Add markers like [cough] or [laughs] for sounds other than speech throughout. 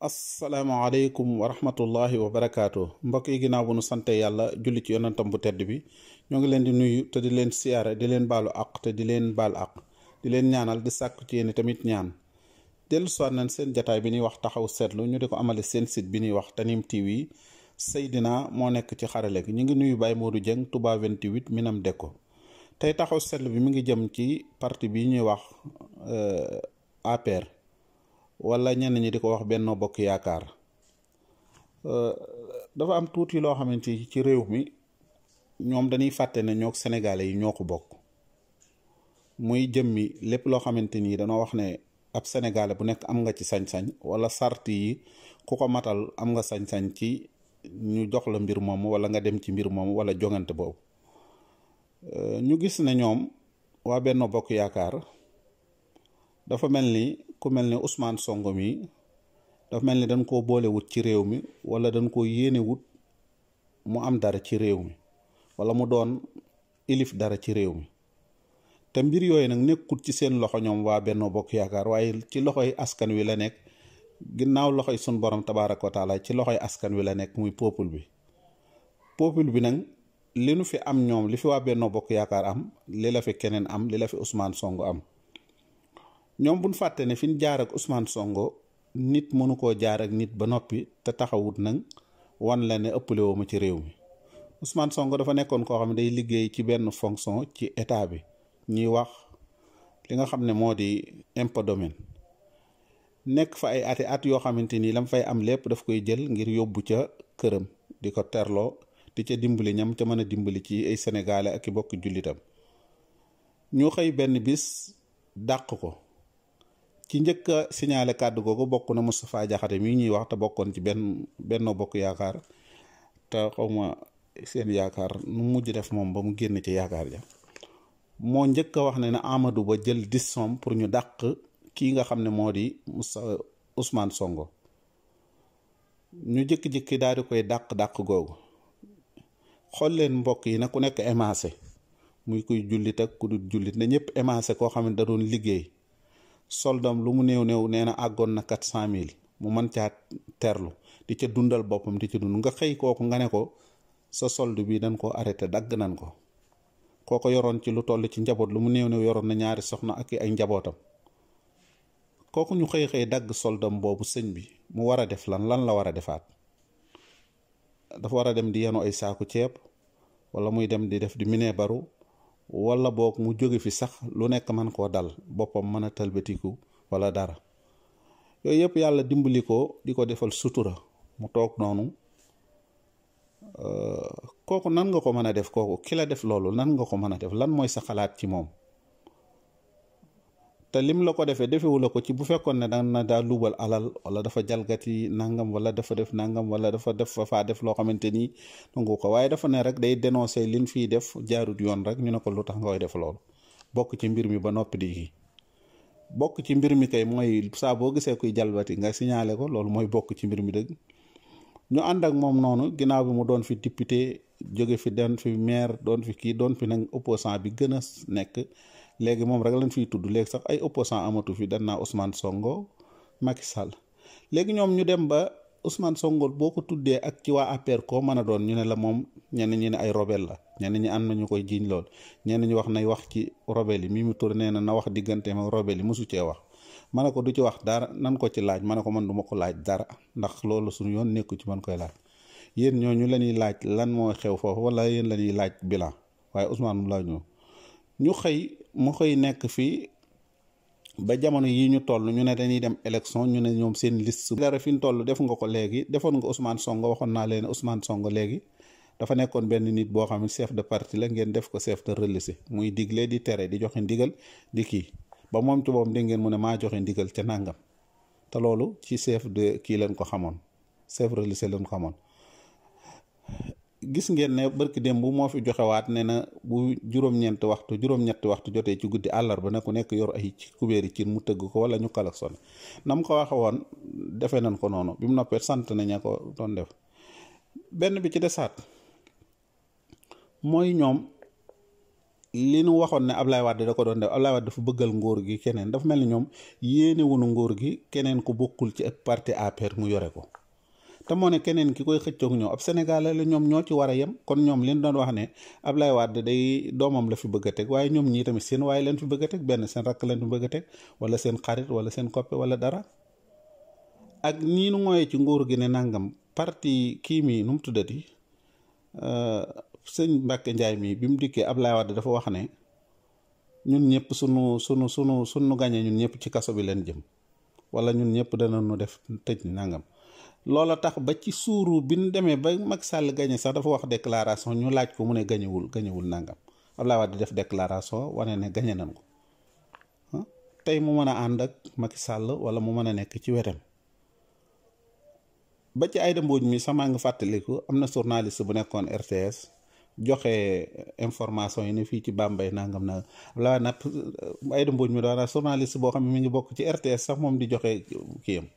asalaamaaleykum wa rahmatullahi wa barakaatu mbokk yi ginaaw bu nu sante yàlla julli ci yonantam bu tedd bi ñoo ngi leen di nuyu te di leen siyaare di leen baalu àq te di leen baal àq di leen ñaanal di sàkku ci yéen tamit ñaan dellu soir nañ seen jataay bi ñuy wax taxaw seetlu ñu di ko amale seen sit bi ñuy wax yi TV Seydina moo nekk ci xarale gi ñu ngi nuyu Baye Modou Dieng Touba 28 Minam Deko tey taxaw seetlu bi mu ngi jëm ci parti bi ñuy wax euh, APR wala ñenn ñi di ko wax Benno Bokk Yaakaar euh, dafa am tuuti loo xamante ci réew mi ñoom dañuy fàtte ne ñoo Sénégalais yi ñoo ko bokk muy jëmmi lépp loo xamante ni danoo wax ne ab Sénégalais bu nekk am nga ci sañ-sañ wala sart yi ku ko matal am nga sañ-sañ ci ñu jox la mbir moom wala nga dem ci mbir moom wala jongante boobu euh, ñu gis ne ñoom waa Benno Bokk Yaakaar dafa mel ni. ku mel ni Ousmane Sonko mi daf mel ni dañ koo boole wut ci réew mi wala dañ ko yéene wut mu am dara ci réew mi wala mu doon ilif dara ci réew mi te mbir yooyu nag kut ci seen loxo ñoom waa Benno Bokk Yaakaar waaye ci loxoy askan wi la nekk ginnaaw loxoy sun borom tabaaraka wa taala ci askan wi la nekk muy popul bi peuple bi nag li nu fi am ñoom li fi waa Benno Bokk Yaakaar am li la fi keneen am li la fi Ousmane Sonko am ñoom buñ fàtte ne fi ñu jaar ak Ousmane Sonko nit mënu koo jaar ak nit ba noppi te taxawut nag wan la ne ëppale woo ci réew mi Ousmane songo dafa nekkoon koo xam ne day liggéey ci benn fonction ci état bi ñuy wax li nga xam ne moo di impôt domaine nekk fa ay ati at yoo xamante ni lam fay am lépp daf koy jël ngir yóbbu ca këram di ko terloo di ca dimbali ñam ca mën a dimbali ci ay sénégalais ak i bokk jullitam ñu xëy benn bis dàq ko ki njëkk siñaale signalé kàddu googu bokk na Moustapha Diakhaté mii ñuy wax te bokkoon ci benn Benno Bokk Yaakaar te xawma seen yaakaar nu mujj def moom ba mu génn ci yaakaar ja moo njëkk a wax ne na Amadou Ba jël some pour ñu dàq kii nga xam ne moo di Moussa Ousmane Sonko ñu jëkki-jëkki daal di koy dàq-dàq googu xool leen mbokk yi na ku nekk émancé muy kuy jullit ak ku du jullit na ñëpp émancé koo xam ne da doon liggéey soldam lu mu néew néew nee na àggoon na quatre cent mille mu mën caa terlu di ca dundal boppam di ca dund nga xëy kooku nga ne ko sa sold bii dañ ko arrêté dagg nañ ko kooko yoroon ci lu toll ci njaboot lu mu néew yoroon na ñaari soxna ak ay njabootam kooku ñu xëy xëy dagg soldam boobu sëñ bi mu war a def lan lan la war a defaat dafa war a dem di yenu ay saaku ceeb wala muy dem di def di mine baru wala boog mu jóge fi sax lu nekk man koo dal boppam mën a talbatiku wala dara yooyu yëpp yàlla dimbali ko di ko defal sutura mu toog noonu euh, kooku nan nga ko mën a def kooku ki la def loolu nan nga ko mën a def lan mooy sa xalaat ci moom te lim la ko defee defewu la ko ci bu fekkoon ne daan na daa luubal alal wala dafa jalgati nangam wala dafa def nangam wala dafa def fa faa def loo xamante ni nangu ko waaye dafa ne rek day dénoncer liñ fiy def jaarut yoon rek ñu ne ko lu tax nga koy def loolu bokk ci mbir mi ba noppi di kii bokk ci mbir mi kay mooy saa boo gisee kuy jalbati nga siñaale ko loolu mooy bokk ci mbir mi dëgg ñu ànd ak moom noonu ginnaaw bi mu doon fi député jóge fi doon maire doon fi kii doon fi nag opposant bi gën a nekk léegi moom rek lañ fiy tudd léegi sax ay opposant amatu fi dan naa Ousmane Sonko Macky Sall léegi ñoom ñu dem ba Ousmane Sonko boo ko tuddee ak ci waa APR koo mën a doon ñu ne la moom ñenn ñi ne ay robel la ñenn ñi am na ñu koy jiiñ lool ñenn ñi wax nay wax ci robel yi Mimi Touré nee na na wax digganteem ak robel yi mosu cee wax ma ne ko du ci wax dara nan ko ci laaj ma ne ko mën du ma ko laaj dara ndax loolu suñu yoon nekku ci mën koy laaj yéen ñooñu la ñuy laaj lan moo xew foofu wala yéen la ñuy laaj bilan waaye Ousmane mu laaj ñu ñu mu xëy nekk fii ba jamono yi ñu toll ñu ne dañuy dem élection ñu ne ñoom seen liste dara fi ñu toll def nga ko léegi defoon nga Ousmane Sonko waxoon naa leen Ousmane Sonko léegi dafa nekkoon benn nit boo xam ne chef de parti la ngeen def ko chef de relais muy digle di tere di joxe ndigal di kii ba moom ci boppam di ngeen mu ne maa joxe ndigal ca nàngam te loolu ci chef de kii leen ko xamoon chef relais leen ko xamoon gis ngeen ne bërk dem bu moo fi joxewaat ne na bu juróom-ñeenti waxtu juróom-ñetti waxtu jotee ci guddi àllarba nag ku nekk yor ay kubéeri cin mu tëgg ko wala ñu kalak sone nam ko waxe woon defee nañ ko noonu bi mu noppee sant naña ko doon def benn bi ci desaat mooy ñoom li nu waxoon ne Ablaye Wade da ko doon def Ablaye Wade dafa bëggal ngóor gi keneen dafa mel ni ñoom yéene wunu ngóor gi keneen ku bokkul ci ak parti APR mu yore ko te ne keneen ki koy xëccoog ñoom ab sénégalais la ñoom ñoo ci war a yem kon ñoom leen doon wax ne ab lay Ablaye Wade day doomam la fi bëgg a teg waaye ñoom ñii tamit seen waaye leen fi bëgg a teg benn seen teg wala seen xarit wala seen coppe wala dara ak ñii nu ci nguur gi ne nangam parti kii mii nu mu tuddati sëñ Mbacke Ndiaye mii bi mu dikkee Ablaye Wade dafa wax ne ñun ñëpp sunu sunu sunu sunu gañee ñun ñëpp ci kaso bi leen jëm wala ñun ñëpp dana nu def tëj ni nangam loola tax ba ci suuru bi ñu demee ba mag sàll gañe sax dafa wax déclaration ñu laaj ko mu ne gañewul gañewul nangam Abdoulaye di def déclaration wane ne gañe nañ ko ah, tey mu mën a ànd ak Macky Sall wala mu mën a nekk ci wetam ba ci Aïda Mbodj mi sama fàttaliku am na journaliste bu nekkoon RTS joxe information yi ne fii ci Bambey nangam na Abdoulaye Wade nag Aïda Mbodj mi doon journaliste boo xam ne mi ngi bokk ci RTS sax moom di joxe kii am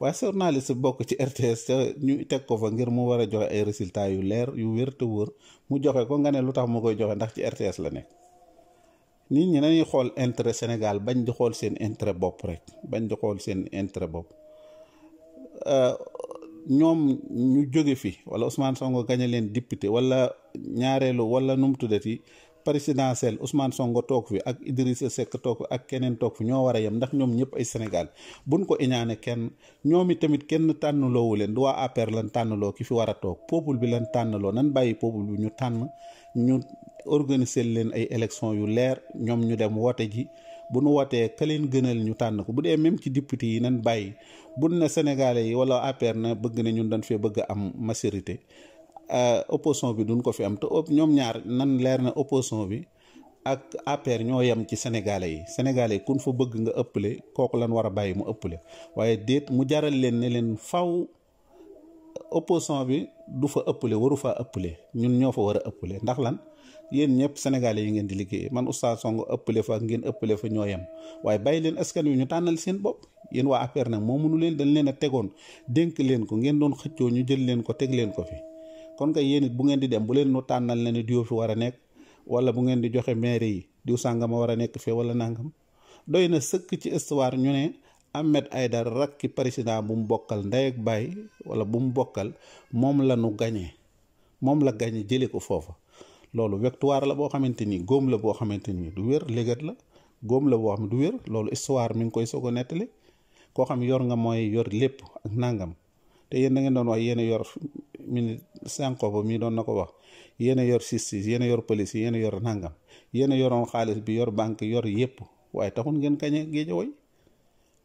waaye journaliste bokk ci RTS te ñu teg ko fa ngir mu war a joxe ay résultats yu leer yu wér te wóor mu joxe ko nga ne lu tax mu koy joxe ndax ci RTS la nekk nit ñi dañuy xool intérêt Sénégal bañ di xool seen intérêt bopp rek bañ di seen intérêt bopp euh, ñoom ñu jóge fi wala Ousmane Sonko gañe leen député wala ñaareelu wala nu mu tuddati présidentielle Ousmane Sonko toog fi ak Idrissa Seck toog fi ak keneen toog fi ñoo war a yem ndax ñoom ñëpp ay Sénégal buñ ko iñaane kenn ñoom i tamit kenn tànnloowu leen du waa APR lan tànnloo ki fi war a toog peuple bi lan tànnloo nan bàyyi peuple bi ñu tànn ñu organiser leen ay élection yu leer ñoom ñu dem woote ji bu nu wootee ka leen gënal ñu tànn ko bu dee même ci député yi nan bàyyi bun na Sénégalais yi wala APR na bëgg na ñun dañ fee bëgg am majorité Euh, opposition bi duñ ko fi am te ñoom ñaar nan leer na opposition bi ak APR ñoo yem ci sénégalais yi sénégalais yi kun fa bëgg nga ëppale kooku lan war a bàyyi mu ëpple waaye déet mu jaral leen ne leen faw opposition bi du fa ëppale waru faa ëppale ñun ñoo fa war a ëppale ndax lan yéen ñëpp sénégalais yi ngeen di liggéey man oustaz Sonko ëppale fa ngeen ëppale fa ñoo yem waaye bàyyi leen askan wi ñu tànnal seen bopp yéen waa APR nag moo mënu leen dañ leen a tegoon dénk leen ko ngeen doon xëccoo ñu jël leen ko teg leen ko fi kon kay yéen it bu ngeen di dem bu leen nu tànnal ne ni diw fi war a nekk wala bu ngeen di joxe maire yi diw sàngama war a nekk fii wala nangam doy na sëkk ci histoire ñu ne Ahmed Aïdara rakki président bu mu bokkal ndey ak baay wala bu mu bokkal moom la nu gañee moom la gañe jëlee ko foofa loolu victoire la boo xamante ni góom la boo xamante ni du wér légat la góom la boo xam du wér loolu histoire mi ngi koy soog a nettali koo xam yor nga mooy yor lépp nangam te yéen da ngeen yéen yor mini Sankoba mii doon na ko wax yéen a yor justice yéen a yor police yéen a yor nangam yéen a yoroon xaalis bi yor banque yor yépp waaye taxul ngeen kañe Géejawaay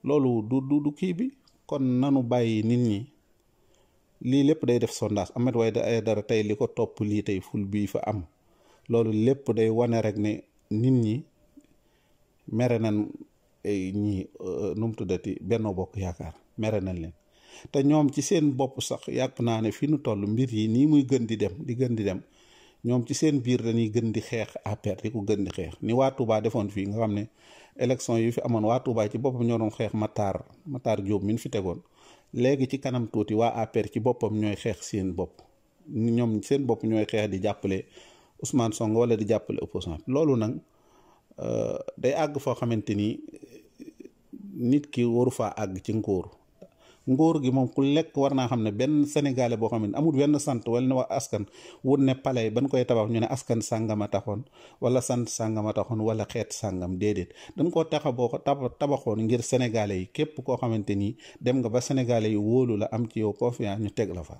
loolu du du kii bi kon nanu bàyyi nit ñi lii lépp day def sondage Ahmed Aïdara ay dara tey li ko topp lii tey ful bii fa am loolu lépp day wane rek ne nit ñi mere nan ñi euh, nu mu tuddati Benno Bokk Yaakaar mere nañ leen te ñoom ci seen bopp sax yàpp naa ne fi nu toll mbir yi nii muy gën di dem di gën di dem ñoom ci seen biir dañuy gën di xeex APR di ko gën di xeex ni waa Touba defoon fii nga xam ne élection yi fi amoon waa Touba ci boppam ñoo doon xeex Matar Matar Diop min fi tegoon léegi ci kanam tuuti waa APR ci boppam ñooy xeex seen bopp ñoom seen bopp ñooy xeex di jàppale Ousmane Sonko wala di jàppale opposant loolu nag euh, day àgg foo xamante ni nit ki waru faa àgg ci nguur. ngoor gi moom ku lekk war naa xam ne benn sénégalais boo xam ne amul benn sant wala ne wax askan wut ne ba ban koy tabax ñu ne askan sàngama wala sant sàngama wala xeet sàngam déedéet dañ koo taxa boo ko tabaxoon ngir sénégalais yi képp koo xamante ni dem nga ba sénégalais yi wóolu la am ci yow confiance ñu teg la fa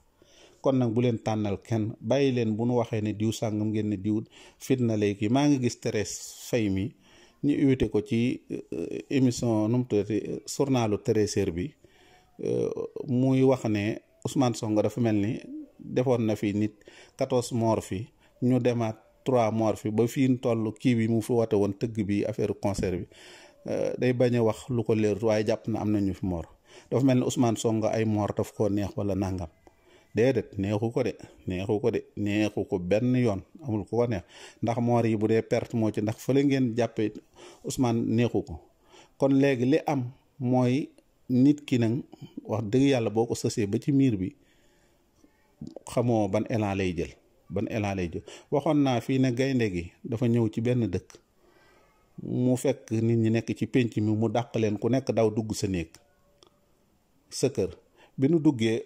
kon nag bu leen tànnal kenn bàyyi leen bu nu waxee ne diw sàngam ngeen ne diw fitna léegi maa ngi gis Thérèse Faye mi ñu invité ko ci euh, émission nu mu tuddati bi Euh, muy wax ne Ousmane Sonko dafa mel ni defoon na fi nit 14 morts fi ñu demaat 3 morts fi ba fii ñu toll kii bi mu fi woote woon tëgg bi affaire concert bi euh, day bañ a wax lu ko leerut waaye jàpp na am na ñu fi mort dafa mel ni Ousmane Sonko ay mort daf ko neex wala nangam. déedéet neexu ko de neexu ko de neexu ko benn yoon amul ko neex ndax moor yi bu dee perte moo ci ndax fële ngeen jàppee Ousmane neexu ko kon léegi li am mooy nit ki nag wax dëgg yàlla boo ko sësee ba ci miir bi xamoo ban élan lay jël ban élan lay jël waxoon naa fii ne gaynde gi dafa ñëw ci benn dëkk mu fekk nit ñi nekk ci pénc mi mu dàq leen ku nekk daw dugg sa néeg sa kër bi nu duggee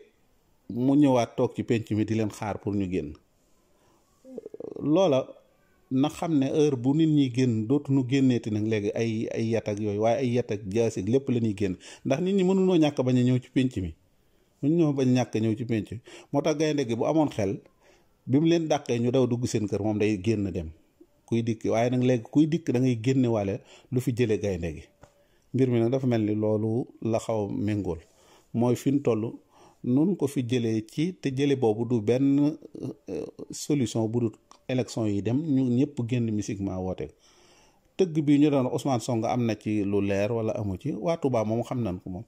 mu ñëwaat toog ci pénc mi di leen xaar pour ñu génn loola na xam ne heure bu nit ñi génn dootuñu ti nag léegi ay ay yat yooyu waaye ay yat ak jaasi lépp la ñuy génn ndax nit ñi mënunoo ñàkk bañ a ñëw ci pénc mi ñoo bañ ñàkk ñëw ci pénc mi moo tax gaynde gi bu amoon xel bi mu leen dàqee ñu daw dugg seen kër moom day génn dem kuy dikk waaye nag léegi kuy dikk dangay génne waale lu fi jëlee gaynde gi mbir mi ne dafa mel ni loolu la xaw a méngool mooy fi mu toll nun ko fi jëlee ci te jële boobu du benn euh, solution bu dul élection yi dem ñu ñëpp génn musiquement woote tëgg bi ñu doon Ousmane Sonko am na ci lu leer wala amu ci waa Touba moom xam nañ ko moom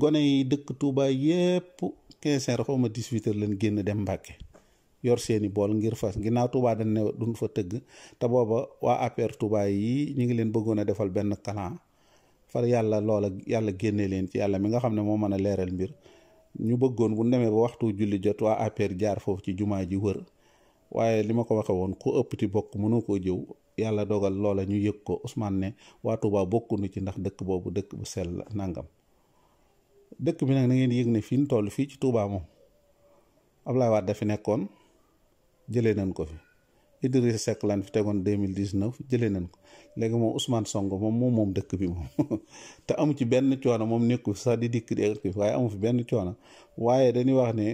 gone yi dëkk Touba yépp quinze heures xaw ma dix génn dem Mbàkke yor seeni bool ngir fas ginnaaw Touba dañ ne duñ fa tëgg te booba waa APR Touba yi ñu ngi leen bëggoon a defal benn kalan far yàlla loola yàlla génnee leen ci yàlla mi nga xam ne moo mën a leeral mbir ñu bëggoon bu demee ba waxtu julli jot waa APR jaar foofu ci jumaa ji wër waaye li ma ko waxee woon ku ëpp ti bokk mënoo koo jëw yàlla dogal loola ñu yëg ko Ousmane ne waa Touba bokkuñu ci ndax dëkk boobu dëkk bu sell nàngam dëkk bi nag na ngeen yëg ne fii ñu toll fii ci Touba moom Ablaye Wade dafi nekkoon jëlee nañ ko fi Idrissa Seck lan fi tegoon 2019 jëlee nañ ko léegi moom Ousmane Sonko moom moom moom dëkk bi moom [laughs] te amu ci benn coono moom nekku sax di dikk di waaye amu fi benn coono waaye dañuy wax ne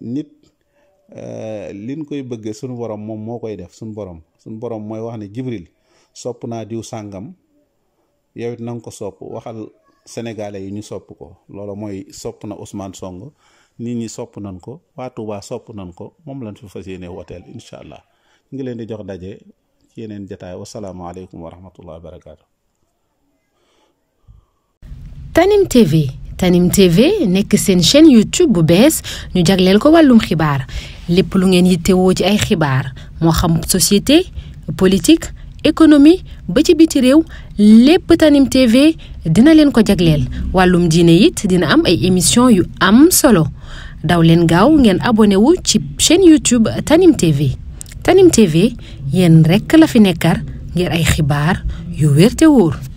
nit. Euh, liñ koy bëggee suñu borom moom moo koy def suñu borom suñu boroom mooy wax ne jibril sopp naa diw sàngam yowit it ko sopp waxal sénégalais yi ñu sopp ko loolu mooy sopp na Ousmane song nit ñi sopp nañ ko waa Touba sopp nañ ko moom lañ fi fas yéene wooteel incha allah ñu ngi leen di jox daje ci yeneen jataay wasalaamaaleykum wa rahmatullah wa barakaatu. Tanim TV Tanim TV nekk seen chaîne YouTube bu bees ñu jagleel ko wàllum xibaar lépp lu ngeen yittewoo ci ay xibaar moo xam société politique économie ba ci biti réew lépp Tanim dina leen ko jagleel wàllum diine it dina am ay émission yu am solo daw leen gaaw ngeen abonné wu ci chaîne YouTube Tanim TV Tanim yéen rekk la fi nekkar ngir ay xibaar yu wér te wóor